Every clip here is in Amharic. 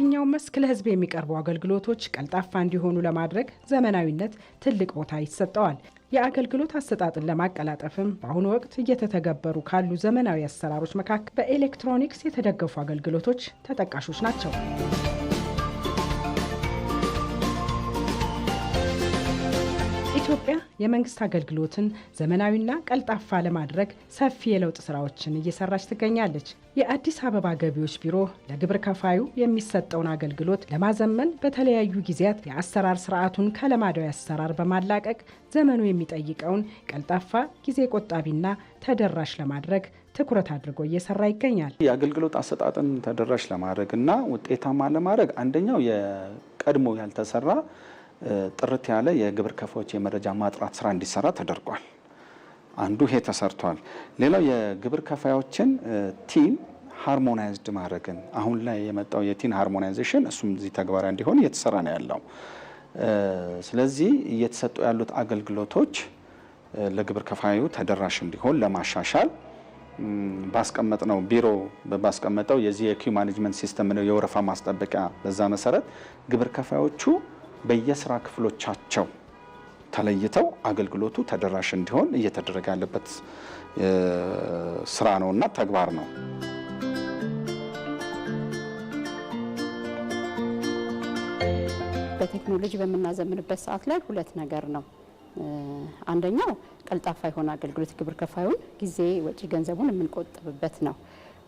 በየትኛው መስክ ለህዝብ የሚቀርቡ አገልግሎቶች ቀልጣፋ እንዲሆኑ ለማድረግ ዘመናዊነት ትልቅ ቦታ ይሰጠዋል። የአገልግሎት አሰጣጥን ለማቀላጠፍም በአሁኑ ወቅት እየተተገበሩ ካሉ ዘመናዊ አሰራሮች መካከል በኤሌክትሮኒክስ የተደገፉ አገልግሎቶች ተጠቃሾች ናቸው። የመንግስት አገልግሎትን ዘመናዊና ቀልጣፋ ለማድረግ ሰፊ የለውጥ ስራዎችን እየሰራች ትገኛለች። የአዲስ አበባ ገቢዎች ቢሮ ለግብር ከፋዩ የሚሰጠውን አገልግሎት ለማዘመን በተለያዩ ጊዜያት የአሰራር ስርዓቱን ከለማዳዊ አሰራር በማላቀቅ ዘመኑ የሚጠይቀውን ቀልጣፋ፣ ጊዜ ቆጣቢና ተደራሽ ለማድረግ ትኩረት አድርጎ እየሰራ ይገኛል። የአገልግሎት አሰጣጥን ተደራሽ ለማድረግ እና ውጤታማ ለማድረግ አንደኛው የቀድሞ ያልተሰራ ጥርት ያለ የግብር ከፋዎች የመረጃ ማጥራት ስራ እንዲሰራ ተደርጓል። አንዱ ይሄ ተሰርቷል። ሌላው የግብር ከፋዮችን ቲን ሃርሞናይዝድ ማድረግን አሁን ላይ የመጣው የቲን ሃርሞናይዜሽን እሱም እዚህ ተግባራዊ እንዲሆን እየተሰራ ነው ያለው። ስለዚህ እየተሰጡ ያሉት አገልግሎቶች ለግብር ከፋዩ ተደራሽ እንዲሆን ለማሻሻል ባስቀመጥ ነው ቢሮ ባስቀመጠው የዚህ የኪው ማኔጅመንት ሲስተም ነው የወረፋ ማስጠበቂያ በዛ መሰረት ግብር ከፋዮቹ በየስራ ክፍሎቻቸው ተለይተው አገልግሎቱ ተደራሽ እንዲሆን እየተደረገ ያለበት ስራ ነው እና ተግባር ነው። በቴክኖሎጂ በምናዘምንበት ሰዓት ላይ ሁለት ነገር ነው። አንደኛው ቀልጣፋ የሆነ አገልግሎት ግብር ከፋዩን ጊዜ፣ ወጪ፣ ገንዘቡን የምንቆጥብበት ነው።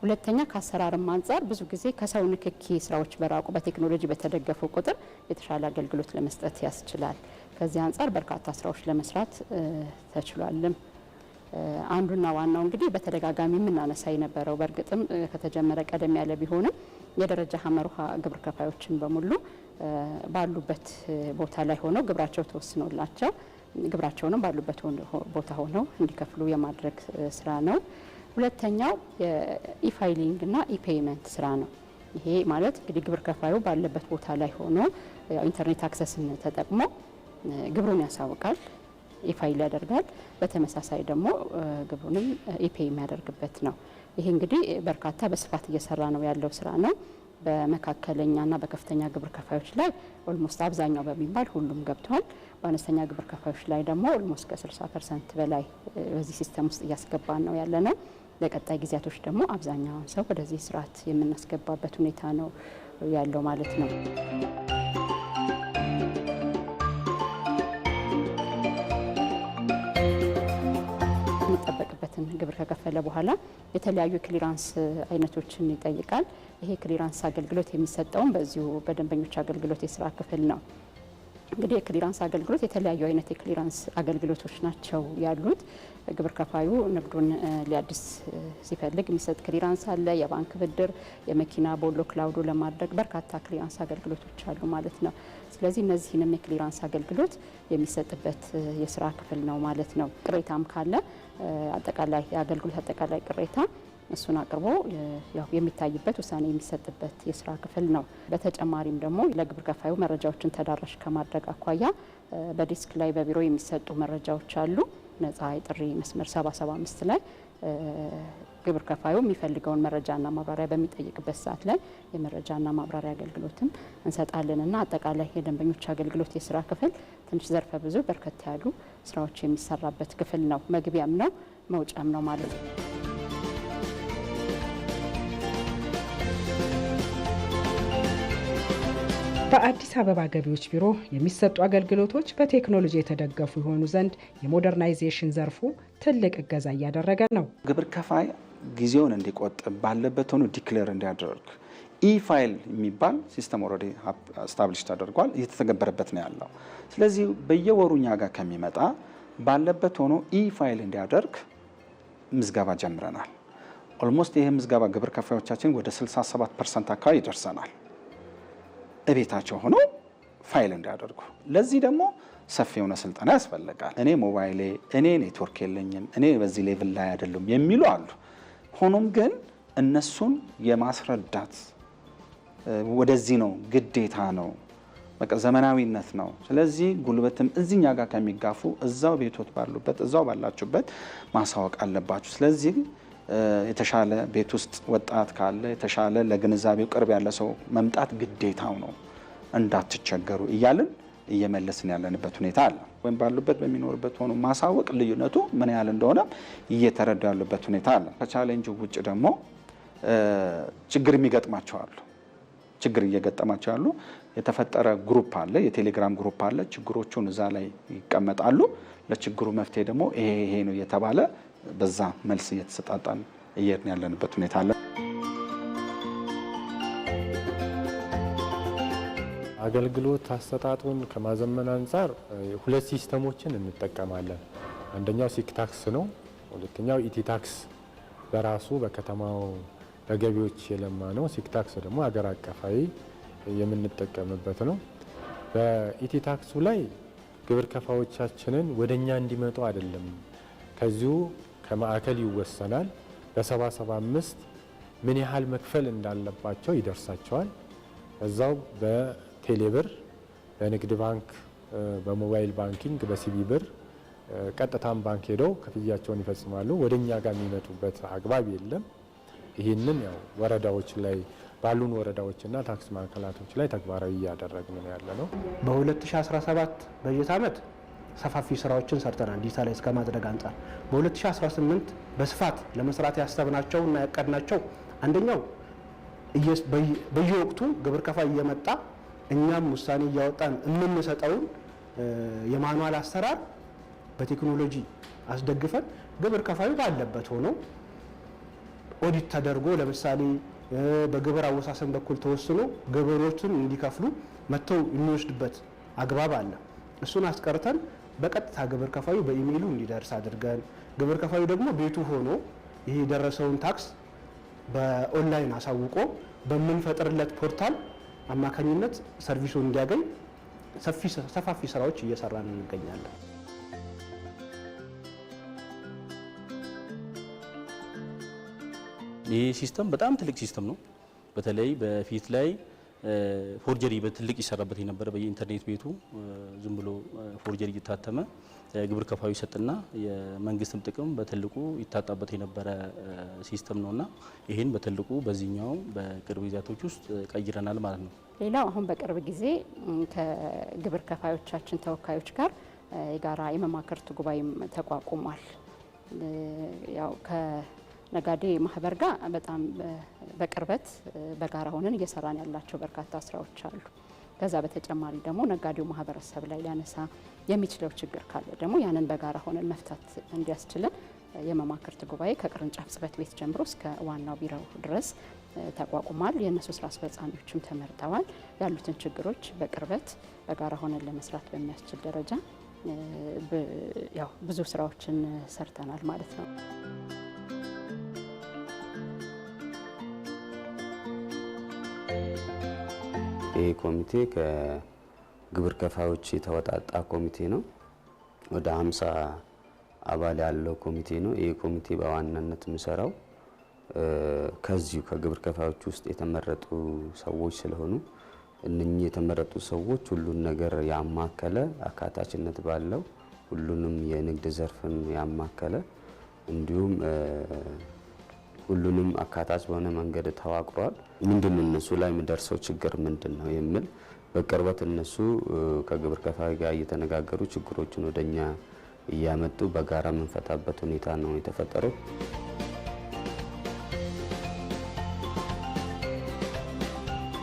ሁለተኛ ከአሰራርም አንጻር ብዙ ጊዜ ከሰው ንክኪ ስራዎች በራቁ በቴክኖሎጂ በተደገፉ ቁጥር የተሻለ አገልግሎት ለመስጠት ያስችላል። ከዚህ አንጻር በርካታ ስራዎች ለመስራት ተችሏልም። አንዱና ዋናው እንግዲህ በተደጋጋሚ የምናነሳ የነበረው በእርግጥም ከተጀመረ ቀደም ያለ ቢሆንም የደረጃ ሀመር ውሃ ግብር ከፋዮችን በሙሉ ባሉበት ቦታ ላይ ሆነው ግብራቸው ተወስኖላቸው ግብራቸውንም ባሉበት ቦታ ሆነው እንዲከፍሉ የማድረግ ስራ ነው። ሁለተኛው የኢፋይሊንግ እና ኢፔይመንት ስራ ነው። ይሄ ማለት እንግዲህ ግብር ከፋዩ ባለበት ቦታ ላይ ሆኖ ኢንተርኔት አክሰስን ተጠቅሞ ግብሩን ያሳውቃል፣ ኢፋይል ያደርጋል። በተመሳሳይ ደግሞ ግብሩንም ኢፔ የሚያደርግበት ነው። ይሄ እንግዲህ በርካታ በስፋት እየሰራ ነው ያለው ስራ ነው። በመካከለኛና በከፍተኛ ግብር ከፋዮች ላይ ኦልሞስት አብዛኛው በሚባል ሁሉም ገብቷል። በአነስተኛ ግብር ከፋዮች ላይ ደግሞ ኦልሞስት ከ60 ፐርሰንት በላይ በዚህ ሲስተም ውስጥ እያስገባን ነው ያለ ነው። ለቀጣይ ጊዜያቶች ደግሞ አብዛኛውን ሰው ወደዚህ ስርዓት የምናስገባበት ሁኔታ ነው ያለው ማለት ነው። የሚጠበቅበትን ግብር ከከፈለ በኋላ የተለያዩ ክሊራንስ አይነቶችን ይጠይቃል። ይሄ ክሊራንስ አገልግሎት የሚሰጠውም በዚሁ በደንበኞች አገልግሎት የስራ ክፍል ነው። እንግዲህ የክሊራንስ አገልግሎት የተለያዩ አይነት የክሊራንስ አገልግሎቶች ናቸው ያሉት። ግብር ከፋዩ ንግዱን ሊያድስ ሲፈልግ የሚሰጥ ክሊራንስ አለ። የባንክ ብድር፣ የመኪና ቦሎ ክላውዶ ለማድረግ በርካታ ክሊራንስ አገልግሎቶች አሉ ማለት ነው። ስለዚህ እነዚህንም የክሊራንስ አገልግሎት የሚሰጥበት የስራ ክፍል ነው ማለት ነው። ቅሬታም ካለ አጠቃላይ የአገልግሎት አጠቃላይ ቅሬታ እሱን አቅርቦ የሚታይበት ውሳኔ የሚሰጥበት የስራ ክፍል ነው። በተጨማሪም ደግሞ ለግብር ከፋዩ መረጃዎችን ተዳራሽ ከማድረግ አኳያ በዴስክ ላይ በቢሮ የሚሰጡ መረጃዎች አሉ። ነጻ የጥሪ መስመር 775 ላይ ግብር ከፋዩ የሚፈልገውን መረጃና ማብራሪያ በሚጠይቅበት ሰዓት ላይ የመረጃና ማብራሪያ አገልግሎትም እንሰጣለንና አጠቃላይ የደንበኞች አገልግሎት የስራ ክፍል ትንሽ ዘርፈ ብዙ በርከት ያሉ ስራዎች የሚሰራበት ክፍል ነው። መግቢያም ነው መውጫም ነው ማለት ነው። በአዲስ አበባ ገቢዎች ቢሮ የሚሰጡ አገልግሎቶች በቴክኖሎጂ የተደገፉ የሆኑ ዘንድ የሞደርናይዜሽን ዘርፉ ትልቅ እገዛ እያደረገ ነው። ግብር ከፋይ ጊዜውን እንዲቆጥብ ባለበት ሆኖ ዲክሌር እንዲያደርግ ኢፋይል የሚባል ሲስተም ኦልሬዲ ስታብሊሽ ተደርጓል፣ እየተተገበረበት ነው ያለው። ስለዚህ በየወሩ እኛ ጋር ከሚመጣ ባለበት ሆኖ ኢፋይል እንዲያደርግ ምዝገባ ጀምረናል። ኦልሞስት ይህ ምዝገባ ግብር ከፋዮቻችን ወደ 67 ፐርሰንት አካባቢ ይደርሰናል። እቤታቸው ሆነው ፋይል እንዲያደርጉ። ለዚህ ደግሞ ሰፊ የሆነ ስልጠና ያስፈልጋል። እኔ ሞባይሌ፣ እኔ ኔትወርክ የለኝም፣ እኔ በዚህ ሌቭል ላይ አይደሉም የሚሉ አሉ። ሆኖም ግን እነሱን የማስረዳት ወደዚህ ነው ግዴታ ነው በቃ ዘመናዊነት ነው። ስለዚህ ጉልበትም እዚኛ ጋር ከሚጋፉ እዛው ቤቶት ባሉበት እዛው ባላችሁበት ማሳወቅ አለባችሁ። ስለዚህ የተሻለ ቤት ውስጥ ወጣት ካለ የተሻለ ለግንዛቤው ቅርብ ያለ ሰው መምጣት ግዴታው ነው እንዳትቸገሩ እያልን እየመለስን ያለንበት ሁኔታ አለ። ወይም ባሉበት በሚኖርበት ሆኖ ማሳወቅ ልዩነቱ ምን ያህል እንደሆነ እየተረዱ ያሉበት ሁኔታ አለ። ከቻሌንጅ ውጭ ደግሞ ችግር የሚገጥማቸዋሉ ችግር እየገጠማቸው ያሉ የተፈጠረ ግሩፕ አለ፣ የቴሌግራም ግሩፕ አለ። ችግሮቹን እዛ ላይ ይቀመጣሉ። ለችግሩ መፍትሄ ደግሞ ይሄ ይሄ ነው እየተባለ በዛ መልስ እየተሰጣጣን እየሄድን ያለንበት ሁኔታ አለ። አገልግሎት አሰጣጡን ከማዘመን አንጻር ሁለት ሲስተሞችን እንጠቀማለን። አንደኛው ሲክታክስ ነው። ሁለተኛው ኢቲታክስ በራሱ በከተማው በገቢዎች የለማ ነው። ሲክታክስ ደግሞ አገር አቀፋዊ የምንጠቀምበት ነው። በኢቲታክሱ ላይ ግብር ከፋዎቻችንን ወደ እኛ እንዲመጡ አይደለም ከዚሁ ከማዕከል ይወሰናል። በ775 ምን ያህል መክፈል እንዳለባቸው ይደርሳቸዋል። እዛው በቴሌብር፣ በንግድ ባንክ፣ በሞባይል ባንኪንግ፣ በሲቢ ብር ቀጥታም ባንክ ሄደው ክፍያቸውን ይፈጽማሉ። ወደኛ ጋር የሚመጡበት አግባብ የለም። ይህንን ያው ወረዳዎች ላይ ባሉን ወረዳዎችና ታክስ ማዕከላቶች ላይ ተግባራዊ እያደረግን ያለ ነው። በ2017 በጀት ዓመት ሰፋፊ ስራዎችን ሰርተናል። ዲጂታላይዝ ከማድረግ አንጻር በ2018 በስፋት ለመስራት ያሰብናቸው እና ያቀድናቸው አንደኛው በየወቅቱ ግብር ከፋይ እየመጣ እኛም ውሳኔ እያወጣን የምንሰጠውን የማኑዋል አሰራር በቴክኖሎጂ አስደግፈን ግብር ከፋዩ ባለበት ሆኖ ኦዲት ተደርጎ ለምሳሌ በግብር አወሳሰን በኩል ተወስኖ ግብሮችን እንዲከፍሉ መጥተው የሚወስድበት አግባብ አለ። እሱን አስቀርተን በቀጥታ ግብር ከፋዩ በኢሜይሉ እንዲደርስ አድርገን ግብር ከፋዩ ደግሞ ቤቱ ሆኖ ይሄ የደረሰውን ታክስ በኦንላይን አሳውቆ በምንፈጥርለት ፖርታል አማካኝነት ሰርቪሱን እንዲያገኝ ሰፋፊ ስራዎች እየሰራን እንገኛለን። ይህ ሲስተም በጣም ትልቅ ሲስተም ነው። በተለይ በፊት ላይ ፎርጀሪ በትልቅ ይሰራበት የነበረ በየኢንተርኔት ቤቱ ዝም ብሎ ፎርጀሪ እየታተመ ግብር ከፋዩ ይሰጥና የመንግስትም ጥቅም በትልቁ ይታጣበት የነበረ ሲስተም ነውና ይህን በትልቁ በዚህኛው በቅርብ ጊዜያቶች ውስጥ ቀይረናል ማለት ነው። ሌላው አሁን በቅርብ ጊዜ ከግብር ከፋዮቻችን ተወካዮች ጋር የጋራ የመማከርት ጉባኤም ተቋቁሟል። ያው ነጋዴ ማህበር ጋር በጣም በቅርበት በጋራ ሆነን እየሰራን ያላቸው በርካታ ስራዎች አሉ። ከዛ በተጨማሪ ደግሞ ነጋዴው ማህበረሰብ ላይ ሊያነሳ የሚችለው ችግር ካለ ደግሞ ያንን በጋራ ሆነን መፍታት እንዲያስችለን የመማክርት ጉባኤ ከቅርንጫፍ ጽህፈት ቤት ጀምሮ እስከ ዋናው ቢሮ ድረስ ተቋቁሟል። የእነሱ ስራ አስፈጻሚዎችም ተመርጠዋል። ያሉትን ችግሮች በቅርበት በጋራ ሆነን ለመስራት በሚያስችል ደረጃ ያው ብዙ ስራዎችን ሰርተናል ማለት ነው። ይህ ኮሚቴ ከግብር ከፋዮች የተወጣጣ ኮሚቴ ነው። ወደ ሀምሳ አባል ያለው ኮሚቴ ነው። ይሄ ኮሚቴ በዋናነት የሚሰራው ከዚሁ ከግብር ከፋዮች ውስጥ የተመረጡ ሰዎች ስለሆኑ እነኚህ የተመረጡ ሰዎች ሁሉን ነገር ያማከለ አካታችነት ባለው ሁሉንም የንግድ ዘርፍን ያማከለ እንዲሁም ሁሉንም አካታች በሆነ መንገድ ተዋቅሯል። ምንድን ነው እነሱ ላይ የሚደርሰው ችግር ምንድን ነው የሚል በቅርበት እነሱ ከግብር ከፋይ ጋር እየተነጋገሩ ችግሮችን ወደ እያመጡ በጋራ የምንፈታበት ሁኔታ ነው የተፈጠረው።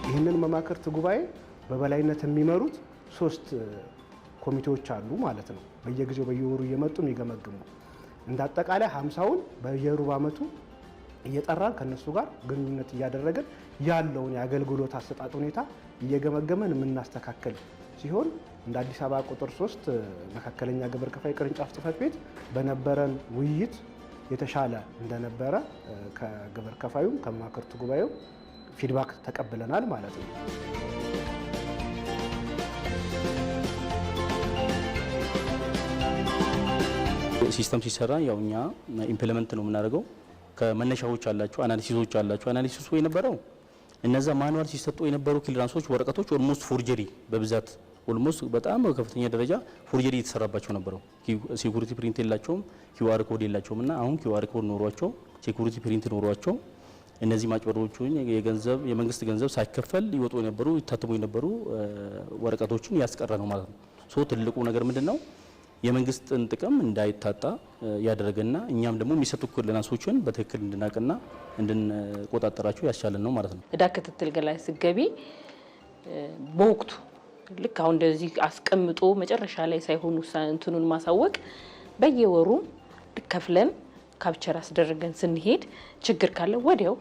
ይህንን መማክርት ጉባኤ በበላይነት የሚመሩት ሶስት ኮሚቴዎች አሉ ማለት ነው። በየጊዜው በየወሩ እየመጡ የሚገመግሙ እንደ አጠቃላይ ሀምሳውን በየሩብ ዓመቱ እየጠራን ከነሱ ጋር ግንኙነት እያደረግን ያለውን የአገልግሎት አሰጣጥ ሁኔታ እየገመገመን የምናስተካከል ሲሆን እንደ አዲስ አበባ ቁጥር ሶስት መካከለኛ ግብር ከፋይ ቅርንጫፍ ጽፈት ቤት በነበረን ውይይት የተሻለ እንደነበረ ከግብር ከፋዩም ከማክርት ጉባኤው ፊድባክ ተቀብለናል ማለት ነው። ሲስተም ሲሰራ ያው እኛ ነው የምናደርገው ከመነሻዎች አላቸው፣ አናሊሲሶች አላቸው። አናሊሲሱ የነበረው እነዛ ማኑዋል ሲሰጡ የነበሩ ክሊራንሶች ወረቀቶች ኦልሞስት ፎርጀሪ በብዛት ኦልሞስት በጣም ከፍተኛ ደረጃ ፎርጀሪ የተሰራባቸው ነበረው። ሴኩሪቲ ፕሪንት የላቸውም፣ ኪውአር ኮድ የላቸውም። እና አሁን ኪውአር ኮድ ኖሯቸው ሴኩሪቲ ፕሪንት ኖሯቸው እነዚህ ማጭበርበሮችን የገንዘብ የመንግስት ገንዘብ ሳይከፈል ይወጡ የነበሩ ይታተሙ የነበሩ ወረቀቶችን ያስቀረ ነው ማለት ነው። ሶ ትልቁ ነገር ምንድን ነው? የመንግስትን ጥቅም እንዳይታጣ ያደረገና እኛም ደግሞ የሚሰጡ ኮንዶላንሶችን በትክክል እንድናቅና እንድንቆጣጠራቸው ያስቻለን ነው ማለት ነው። እዳ ክትትል ገላይ ስገቢ በወቅቱ ልክ አሁን እንደዚህ አስቀምጦ መጨረሻ ላይ ሳይሆኑ እንትኑን ማሳወቅ በየወሩ ከፍለን ካፕቸር አስደረገን ስንሄድ ችግር ካለ ወዲያው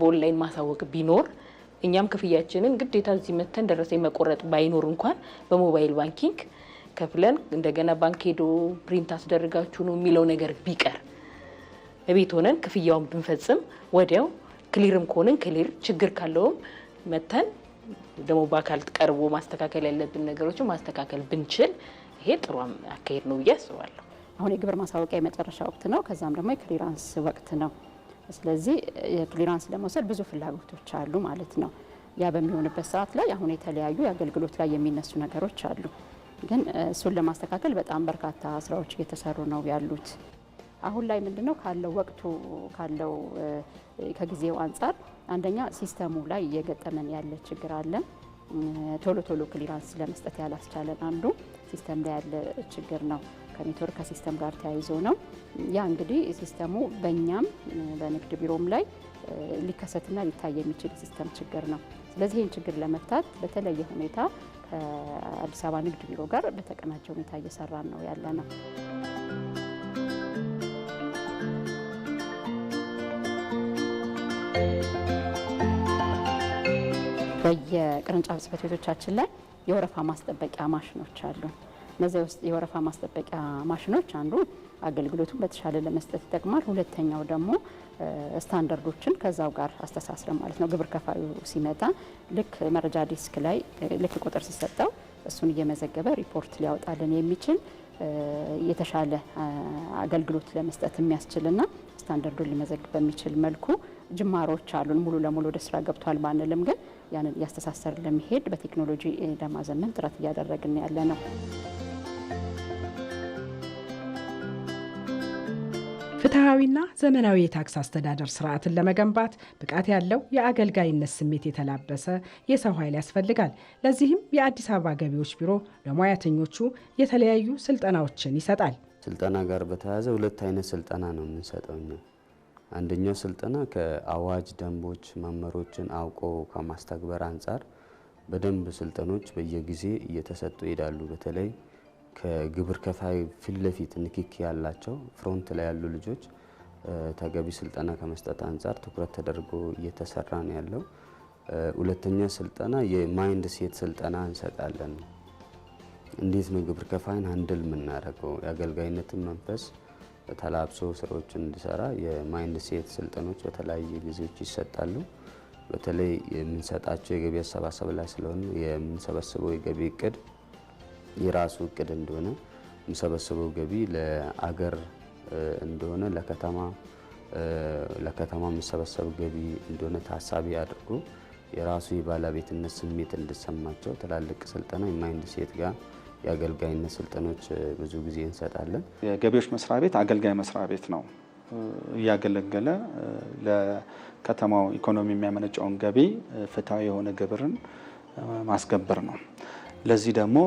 በኦንላይን ማሳወቅ ቢኖር እኛም ክፍያችንን ግዴታ እዚህ መተን ደረሰ መቆረጥ ባይኖር እንኳን በሞባይል ባንኪንግ ከፍለን እንደገና ባንክ ሄዶ ፕሪንት አስደርጋችሁ ነው የሚለው ነገር ቢቀር እቤት ሆነን ክፍያውን ብንፈጽም ወዲያው ክሊርም ከሆንን ክሊር ችግር ካለውም መተን ደግሞ በአካል ቀርቦ ማስተካከል ያለብን ነገሮችን ማስተካከል ብንችል ይሄ ጥሩ አካሄድ ነው ብዬ አስባለሁ። አሁን የግብር ማሳወቂያ የመጨረሻ ወቅት ነው፣ ከዛም ደግሞ የክሊራንስ ወቅት ነው። ስለዚህ የክሊራንስ ለመውሰድ ብዙ ፍላጎቶች አሉ ማለት ነው። ያ በሚሆንበት ሰዓት ላይ አሁን የተለያዩ የአገልግሎት ላይ የሚነሱ ነገሮች አሉ። ግን እሱን ለማስተካከል በጣም በርካታ ስራዎች እየተሰሩ ነው ያሉት። አሁን ላይ ምንድነው ካለው ወቅቱ ካለው ከጊዜው አንጻር አንደኛ ሲስተሙ ላይ እየገጠመን ያለ ችግር አለ። ቶሎ ቶሎ ክሊራንስ ለመስጠት ያላስቻለን አንዱ ሲስተም ላይ ያለ ችግር ነው። ከኔትወርክ ከሲስተም ጋር ተያይዞ ነው። ያ እንግዲህ ሲስተሙ በእኛም በንግድ ቢሮም ላይ ሊከሰትና ሊታይ የሚችል ሲስተም ችግር ነው። ስለዚህ ይህን ችግር ለመፍታት በተለየ ሁኔታ ከአዲስ አበባ ንግድ ቢሮ ጋር በተቀናጀ ሁኔታ እየሰራን ነው ያለ ነው። በየቅርንጫፍ ጽፈት ቤቶቻችን ላይ የወረፋ ማስጠበቂያ ማሽኖች አሉ። እነዚያ ውስጥ የወረፋ ማስጠበቂያ ማሽኖች አንዱ አገልግሎቱን በተሻለ ለመስጠት ይጠቅማል። ሁለተኛው ደግሞ ስታንዳርዶችን ከዛው ጋር አስተሳስረ ማለት ነው። ግብር ከፋዩ ሲመጣ ልክ መረጃ ዴስክ ላይ ልክ ቁጥር ሲሰጠው እሱን እየመዘገበ ሪፖርት ሊያወጣልን የሚችል የተሻለ አገልግሎት ለመስጠት የሚያስችልና ስታንዳርዱን ሊመዘግብ በሚችል መልኩ ጅማሮች አሉን። ሙሉ ለሙሉ ወደ ስራ ገብቷል ባንልም ግን ያንን እያስተሳሰር ለመሄድ በቴክኖሎጂ ለማዘመን ጥረት እያደረግን ያለ ነው። ፍትሐዊና ዘመናዊ የታክስ አስተዳደር ስርዓትን ለመገንባት ብቃት ያለው የአገልጋይነት ስሜት የተላበሰ የሰው ኃይል ያስፈልጋል። ለዚህም የአዲስ አበባ ገቢዎች ቢሮ ለሙያተኞቹ የተለያዩ ስልጠናዎችን ይሰጣል። ስልጠና ጋር በተያያዘ ሁለት አይነት ስልጠና ነው የምንሰጠው እኛ። አንደኛው ስልጠና ከአዋጅ ደንቦች፣ መመሮችን አውቆ ከማስተግበር አንጻር በደንብ ስልጠኖች በየጊዜ እየተሰጡ ይሄዳሉ። በተለይ ከግብር ከፋይ ፊት ለፊት ንክኪ ያላቸው ፍሮንት ላይ ያሉ ልጆች ተገቢ ስልጠና ከመስጠት አንጻር ትኩረት ተደርጎ እየተሰራ ነው ያለው። ሁለተኛ ስልጠና የማይንድ ሴት ስልጠና እንሰጣለን። እንዴት ነው ግብር ከፋይን ሀንድል የምናደርገው? የአገልጋይነትን መንፈስ ተላብሶ ስራዎችን እንዲሰራ የማይንድ ሴት ስልጠኖች በተለያየ ጊዜዎች ይሰጣሉ። በተለይ የምንሰጣቸው የገቢ አሰባሰብ ላይ ስለሆነ የምንሰበስበው የገቢ እቅድ የራሱ እቅድ እንደሆነ የምንሰበስበው ገቢ ለአገር እንደሆነ ለከተማ ለከተማ የሚሰበሰብ ገቢ እንደሆነ ታሳቢ አድርጎ የራሱ የባለቤትነት ስሜት እንድሰማቸው ትላልቅ ስልጠና የማይንድ ሴት ጋር የአገልጋይነት ስልጠኖች ብዙ ጊዜ እንሰጣለን። የገቢዎች መስሪያ ቤት አገልጋይ መስሪያ ቤት ነው እያገለገለ ለከተማው ኢኮኖሚ የሚያመነጨውን ገቢ ፍትሐዊ የሆነ ግብርን ማስገበር ነው። ለዚህ ደግሞ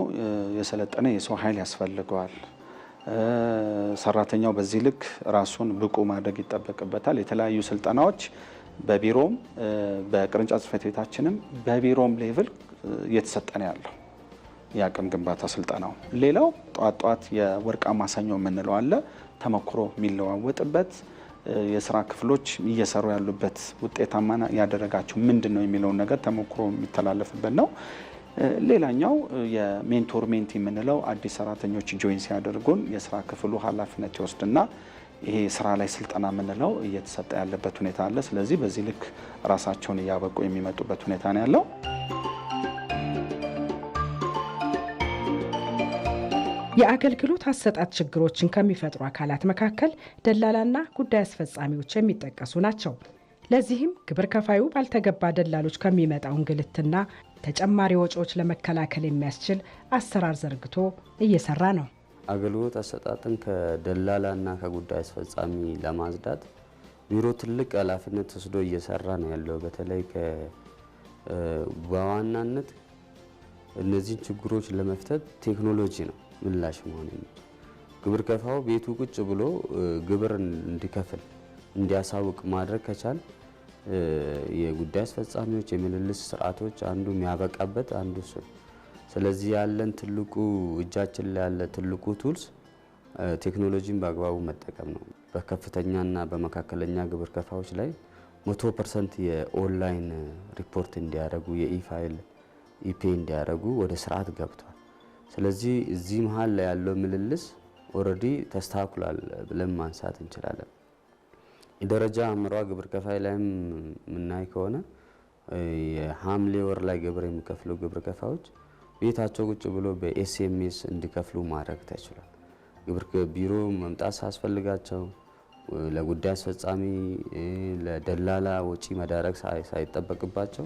የሰለጠነ የሰው ኃይል ያስፈልገዋል። ሰራተኛው በዚህ ልክ ራሱን ብቁ ማድረግ ይጠበቅበታል። የተለያዩ ስልጠናዎች በቢሮም በቅርንጫፍ ጽሕፈት ቤታችንም በቢሮም ሌቭል እየተሰጠነ ያለው የአቅም ግንባታ ስልጠናው። ሌላው ጠዋት ጠዋት የወርቃማ ሰኞ የምንለው አለ ተሞክሮ የሚለዋወጥበት የስራ ክፍሎች እየሰሩ ያሉበት ውጤታማ ያደረጋቸው ምንድን ነው የሚለውን ነገር ተሞክሮ የሚተላለፍበት ነው። ሌላኛው የሜንቶር ሜንት የምንለው አዲስ ሰራተኞች ጆይን ሲያደርጉን የስራ ክፍሉ ኃላፊነት ይወስድና ይሄ ስራ ላይ ስልጠና የምንለው እየተሰጠ ያለበት ሁኔታ አለ። ስለዚህ በዚህ ልክ ራሳቸውን እያበቁ የሚመጡበት ሁኔታ ነው ያለው። የአገልግሎት አሰጣጥ ችግሮችን ከሚፈጥሩ አካላት መካከል ደላላና ጉዳይ አስፈጻሚዎች የሚጠቀሱ ናቸው። ለዚህም ግብር ከፋዩ ባልተገባ ደላሎች ከሚመጣው እንግልትና ተጨማሪ ወጪዎች ለመከላከል የሚያስችል አሰራር ዘርግቶ እየሰራ ነው። አገልግሎት አሰጣጥን ከደላላና ከጉዳይ አስፈጻሚ ለማጽዳት ቢሮ ትልቅ ኃላፊነት ወስዶ እየሰራ ነው ያለው። በተለይ በዋናነት እነዚህን ችግሮች ለመፍታት ቴክኖሎጂ ነው ምላሽ መሆን የሚችል ግብር ከፋው ቤቱ ቁጭ ብሎ ግብር እንዲከፍል እንዲያሳውቅ ማድረግ ከቻል የጉዳይ አስፈጻሚዎች የምልልስ ስርዓቶች አንዱ የሚያበቃበት አንዱ እሱ። ስለዚህ ያለን ትልቁ እጃችን ላይ ያለ ትልቁ ቱልስ ቴክኖሎጂን በአግባቡ መጠቀም ነው። በከፍተኛና በመካከለኛ ግብር ከፋዎች ላይ መቶ ፐርሰንት የኦንላይን ሪፖርት እንዲያደርጉ የኢፋይል ኢፔ እንዲያደርጉ ወደ ስርዓት ገብቷል። ስለዚህ እዚህ መሀል ላይ ያለው ምልልስ ኦልሬዲ ተስተካክሏል ብለን ማንሳት እንችላለን። ደረጃ አምሯ ግብር ከፋይ ላይም የምናይ ከሆነ የሐምሌ ወር ላይ ግብር የሚከፍሉ ግብር ከፋዮች ቤታቸው ቁጭ ብሎ በኤስኤምኤስ እንዲከፍሉ ማድረግ ተችሏል። ግብር ቢሮ መምጣት ሳያስፈልጋቸው ለጉዳይ አስፈጻሚ ለደላላ ወጪ መዳረግ ሳይጠበቅባቸው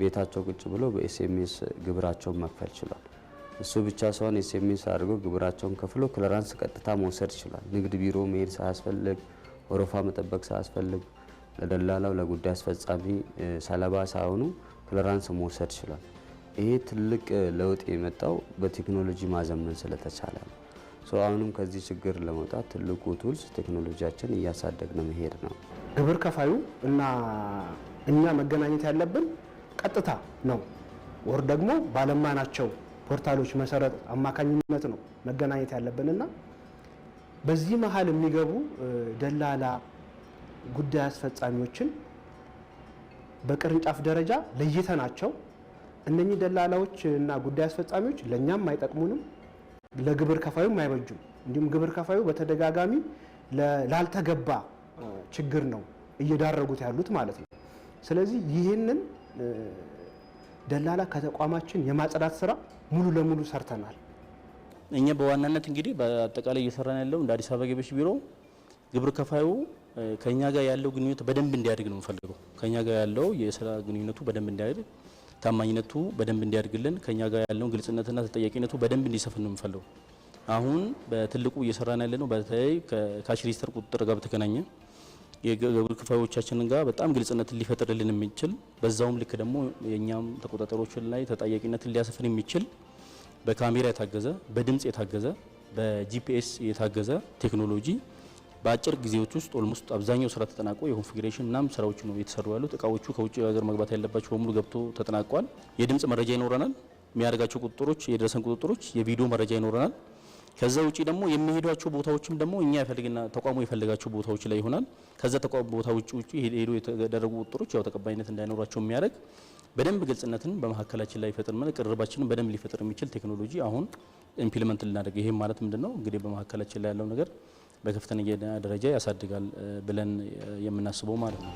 ቤታቸው ቁጭ ብሎ በኤስኤምኤስ ግብራቸውን መክፈል ችሏል። እሱ ብቻ ሳይሆን ኤስኤምኤስ አድርጎ ግብራቸውን ከፍሎ ክለራንስ ቀጥታ መውሰድ ይችላል። ንግድ ቢሮ መሄድ ሳያስፈልግ ወረፋ መጠበቅ ሳያስፈልግ ለደላላው ለጉዳይ አስፈጻሚ ሰለባ ሳይሆኑ ክለራንስ መውሰድ ችሏል። ይሄ ትልቅ ለውጥ የመጣው በቴክኖሎጂ ማዘመን ስለተቻለ ነው። አሁንም ከዚህ ችግር ለመውጣት ትልቁ ቱልስ ቴክኖሎጂያችን እያሳደግን መሄድ ነው። ግብር ከፋዩ እና እኛ መገናኘት ያለብን ቀጥታ ነው፣ ወር ደግሞ ባለማናቸው ፖርታሎች መሰረት አማካኝነት ነው መገናኘት ያለብንና በዚህ መሀል የሚገቡ ደላላ ጉዳይ አስፈጻሚዎችን በቅርንጫፍ ደረጃ ለይተናቸው እነኚህ ደላላዎች እና ጉዳይ አስፈጻሚዎች ለእኛም አይጠቅሙንም፣ ለግብር ከፋዩም አይበጁም። እንዲሁም ግብር ከፋዩ በተደጋጋሚ ላልተገባ ችግር ነው እየዳረጉት ያሉት ማለት ነው። ስለዚህ ይህንን ደላላ ከተቋማችን የማጽዳት ስራ ሙሉ ለሙሉ ሰርተናል። እኛ በዋናነት እንግዲህ በአጠቃላይ እየሰራን ያለው እንደ አዲስ አበባ ገቢዎች ቢሮ ግብር ከፋዩ ከኛ ጋር ያለው ግንኙነት በደንብ እንዲያድግ ነው የምፈልገው። ከኛ ጋር ያለው የስራ ግንኙነቱ በደንብ እንዲያድግ፣ ታማኝነቱ በደንብ እንዲያድግልን፣ ከኛ ጋር ያለውን ግልጽነትና ተጠያቂነቱ በደንብ እንዲሰፍን ነው የምፈልገው። አሁን በትልቁ እየሰራን ያለ ነው በተለይ ከካሽ ሬጂስተር ቁጥጥር ጋር በተገናኘ የግብር ከፋዮቻችንን ጋር በጣም ግልጽነት ሊፈጥርልን የሚችል በዛውም ልክ ደግሞ የእኛም ተቆጣጠሮችን ላይ ተጠያቂነትን ሊያሰፍን የሚችል በካሜራ የታገዘ በድምፅ የታገዘ በጂፒኤስ የታገዘ ቴክኖሎጂ በአጭር ጊዜዎች ውስጥ ኦልሞስት አብዛኛው ስራ ተጠናቆ የኮንፊግሬሽን ምናምን ስራዎች ነው የተሰሩ ያሉት። እቃዎቹ ከውጭ ሀገር መግባት ያለባቸው በሙሉ ገብቶ ተጠናቋል። የድምፅ መረጃ ይኖረናል። የሚያደርጋቸው ቁጥጥሮች፣ የደረሰን ቁጥጥሮች፣ የቪዲዮ መረጃ ይኖረናል። ከዛ ውጪ ደግሞ የሚሄዷቸው ቦታዎችም ደግሞ እኛ ይፈልግና ተቋሙ የፈልጋቸው ቦታዎች ላይ ይሆናል። ከዛ ተቋም ቦታ ውጭ ውጭ ሄዶ የተደረጉ ቁጥጥሮች ያው ተቀባይነት እንዳይኖራቸው የሚያደርግ በደንብ ግልጽነትን በመካከላችን ላይ ፈጥር ማለት ቅርባችንን በደንብ ሊፈጥር የሚችል ቴክኖሎጂ አሁን ኢምፕሊመንት ልናደርግ ይሄ ማለት ምንድነው እንግዲህ በመካከላችን ላይ ያለው ነገር በከፍተኛ ደረጃ ያሳድጋል ብለን የምናስበው ማለት ነው።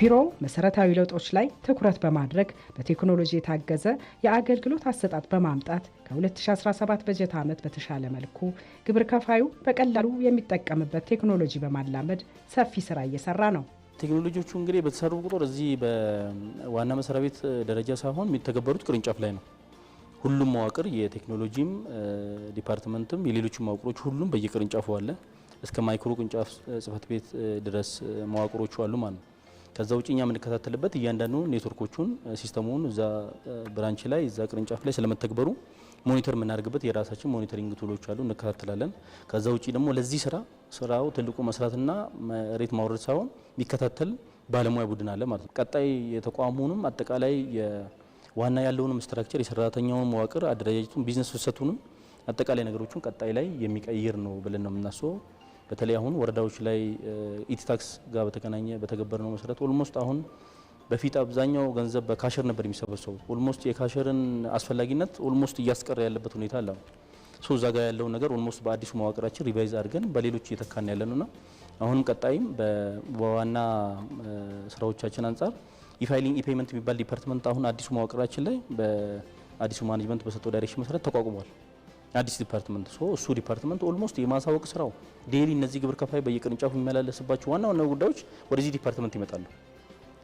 ቢሮው መሰረታዊ ለውጦች ላይ ትኩረት በማድረግ በቴክኖሎጂ የታገዘ የአገልግሎት አሰጣጥ በማምጣት ከ2017 በጀት ዓመት በተሻለ መልኩ ግብር ከፋዩ በቀላሉ የሚጠቀምበት ቴክኖሎጂ በማላመድ ሰፊ ስራ እየሰራ ነው። ቴክኖሎጂዎቹ እንግዲህ በተሰሩ ቁጥር እዚህ በዋና መስሪያ ቤት ደረጃ ሳይሆን የሚተገበሩት ቅርንጫፍ ላይ ነው። ሁሉም መዋቅር የቴክኖሎጂም ዲፓርትመንትም የሌሎችም መዋቅሮች ሁሉም በየቅርንጫፉ አለ። እስከ ማይክሮ ቅርንጫፍ ጽህፈት ቤት ድረስ መዋቅሮቹ አሉ ማለት ነው። ከዛ ውጭ እኛ የምንከታተልበት እያንዳንዱ ኔትወርኮቹን ሲስተሙን እዛ ብራንች ላይ እዛ ቅርንጫፍ ላይ ስለመተግበሩ ሞኒተር የምናደርግበት የራሳችን ሞኒተሪንግ ቱሎች አሉ፣ እንከታተላለን። ከዛ ውጭ ደግሞ ለዚህ ስራ ስራው ትልቁ መስራትና መሬት ማውረድ ሳይሆን የሚከታተል ባለሙያ ቡድን አለ ማለት ነው። ቀጣይ የተቋሙንም አጠቃላይ ዋና ያለውንም ስትራክቸር የሰራተኛውን መዋቅር አደረጃጀቱን፣ ቢዝነስ ፍሰቱንም አጠቃላይ ነገሮቹን ቀጣይ ላይ የሚቀይር ነው ብለን ነው የምናስበው። በተለይ አሁን ወረዳዎች ላይ ኢቲታክስ ጋር በተገናኘ በተገበር ነው መሰረት ኦልሞስት አሁን በፊት አብዛኛው ገንዘብ በካሸር ነበር የሚሰበሰቡ ኦልሞስት የካሸርን አስፈላጊነት ኦልሞስት እያስቀረ ያለበት ሁኔታ አለ። ሶ እዛ ጋር ያለውን ነገር ኦልሞስት በአዲሱ መዋቅራችን ሪቫይዝ አድርገን በሌሎች እየተካን ያለ ነውና አሁንም ቀጣይም በዋና ስራዎቻችን አንጻር ኢፋይሊንግ ኢፔመንት የሚባል ዲፓርትመንት አሁን አዲሱ መዋቅራችን ላይ በአዲሱ ማኔጅመንት በሰጠው ዳይሬክሽን መሰረት ተቋቁሟል። አዲስ ዲፓርትመንት ሶ እሱ ዲፓርትመንት ኦልሞስት የማሳወቅ ስራው ዴሊ እነዚህ ግብር ከፋይ በየቅርንጫፉ የሚመላለስባቸው ዋና ዋና ጉዳዮች ወደዚህ ዲፓርትመንት ይመጣሉ።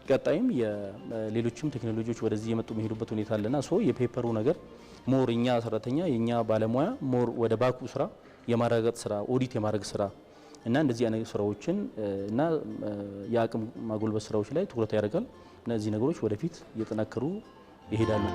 ቀጣይም የሌሎችም ቴክኖሎጂዎች ወደዚህ የመጡ የሚሄዱበት ሁኔታ አለና ሶ የፔፐሩ ነገር ሞር እኛ ሰራተኛ የእኛ ባለሙያ ሞር ወደ ባኩ ስራ የማረጋገጥ ስራ ኦዲት የማድረግ ስራ እና እንደዚህ አይነት ስራዎችን እና የአቅም ማጎልበት ስራዎች ላይ ትኩረት ያደርጋል። እነዚህ ነገሮች ወደፊት እየጠናከሩ ይሄዳሉ።